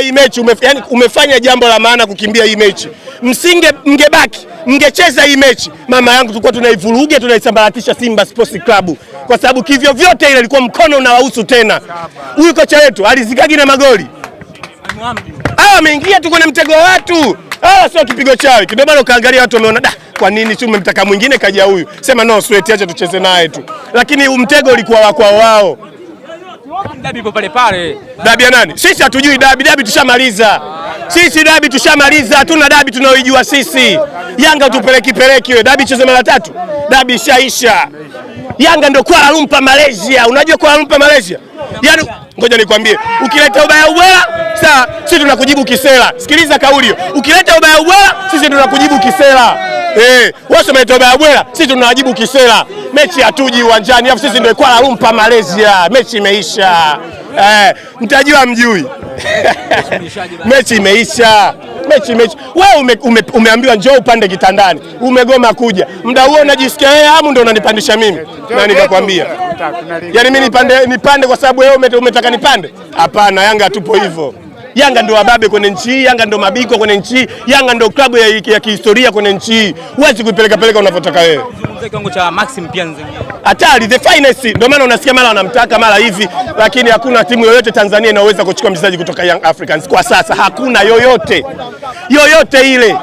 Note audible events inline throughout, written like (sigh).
Hii mechi umef, yani umefanya jambo la maana kukimbia hii mechi. Msinge mngebaki mngecheza hii mechi, mama yangu, tulikuwa tunaivuruga tunaisambaratisha Simba Sports Club, kwa sababu kivyo vyote ile ilikuwa mkono unawahusu tena. Huyu kocha wetu alizigagi na magoli hawa, ameingia tu kwenye mtego watu hawa, sio kipigo chawe. kidogo. Bado kaangalia watu wameona da, kwa nini si umemtaka mwingine kaja huyu, sema no sweat, acha tucheze naye tu, lakini umtego ulikuwa wako wao dabi ipo pale pale. Dabi ya nani? Sisi hatujui dabi, dabi tushamaliza sisi dabi tushamaliza, hatuna dabi tunaoijua sisi. Yanga tupeleki peleki wewe, dabi cheze mara tatu, dabi ishaisha. Yanga ndio Kuala Lumpur Malaysia. Unajua Kuala Lumpur Malaysia? Yaani, ngoja nikwambie, ukileta ubaya ubwela, sawa, sisi tunakujibu kisela. Sikiliza kauli hiyo, ukileta ubaya ubwela, sisi tunakujibu kisela. Eh, wewe umetobea bwela, sisi tunawajibu kisera. Mechi hatuji uwanjani, afu sisi ndio kwa rumpa Malaysia. Mechi imeisha. Eh, mtajua mjui. (laughs) Mechi imeisha. Mechi mechi. Wewe ume, ume, umeambiwa njoo upande kitandani. Umegoma kuja. Muda huo unajisikia wewe eh, hamu ndio unanipandisha mimi. Na nikakwambia. Yaani mimi nipande nipande kwa sababu wewe umetaka nipande? Hapana, Yanga tupo hivyo. Yanga ndio wababe kwenye nchi hii, Yanga ndio mabiko kwenye nchi hii, Yanga ndio klabu ya, ya kihistoria kwenye nchi hii. Huwezi kuipeleka peleka unavyotaka wewe. Kiwango cha Maxim Pianzi hatari, the finest. Ndio maana unasikia mara wanamtaka mara hivi, lakini hakuna timu yoyote Tanzania inaweza kuchukua mchezaji kutoka Young Africans kwa sasa, hakuna yoyote yoyote ile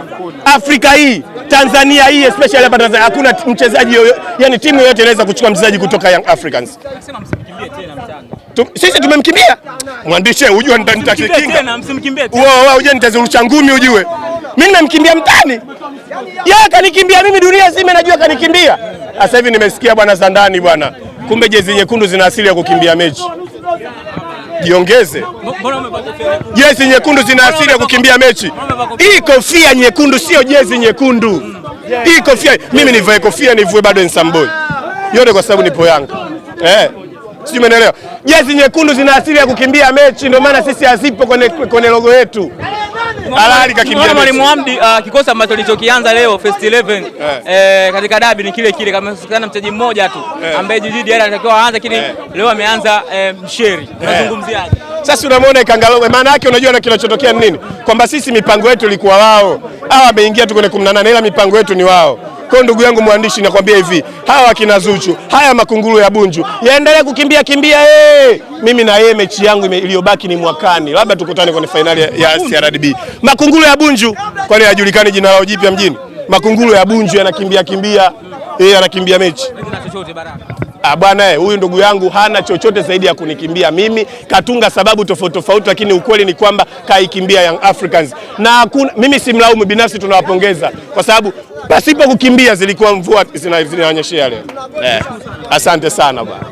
Afrika hii Tanzania hii especially hapa Tanzania hakuna mchezaji yoyote, yani timu yoyote inaweza kuchukua mchezaji kutoka Young Africans. Sisi tumemkimbia mwandishi, hujua nitakikinga. Wewe uje nitazirusha ngumi, ujue mimi namkimbia mtani, yeye kanikimbia mimi, dunia zime najua kanikimbia. Ah, sasa hivi nimesikia bwana zandani bwana, kumbe jezi nyekundu zina asili ya kukimbia mechi. Jiongeze, jezi nyekundu zina asili ya kukimbia mechi. Hii kofia nyekundu sio jezi nyekundu, hii kofia mimi nivae kofia nivue bado nsamboi yote, kwa sababu nipo Yanga eh sijui umeelewa. Jezi nyekundu zina asili ya kukimbia mechi, ndio maana sisi hazipo kwenye kwenye logo yetu. Halali kakimbia. Mwalimu Hamdi, uh, kikosi ambacho lichokianza leo first 11 yeah. Eh, katika dabi ni kile kile kama sikana mchezaji mmoja tu yeah. ambaye jiji dia anatakiwa aanze lakini yeah. leo ameanza eh, Msheri. Eh. Unazungumziaje? Yeah. Sasa unamwona Ikangalowe, maana yake unajua na kinachotokea ni nini? Kwamba sisi mipango yetu ilikuwa wao. Hawa wameingia tu kwenye 18 ila mipango yetu ni wao. Kwa ndugu yangu mwandishi, nakwambia hivi, hawa wakina Zuchu, haya makunguru ya Bunju yaendelee kukimbia kimbia. Hey! Eh! mimi na yeye mechi yangu iliyobaki ni mwakani, labda tukutane kwenye fainali ya CRDB. Makunguru ya Bunju, kwani hajulikani jina lao jipya mjini? Makunguru ya Bunju yanakimbia kimbia, eh, yeye anakimbia mechi. Ah, bwana, eh, huyu ndugu yangu hana chochote zaidi ya kunikimbia mimi. Katunga sababu tofauti tofauti, lakini ukweli ni kwamba kaikimbia Young Africans na kuna, mimi simlaumu binafsi, tunawapongeza kwa sababu pasipo kukimbia zilikuwa mvua zinanyeshea leo eh. Asante sana bwana.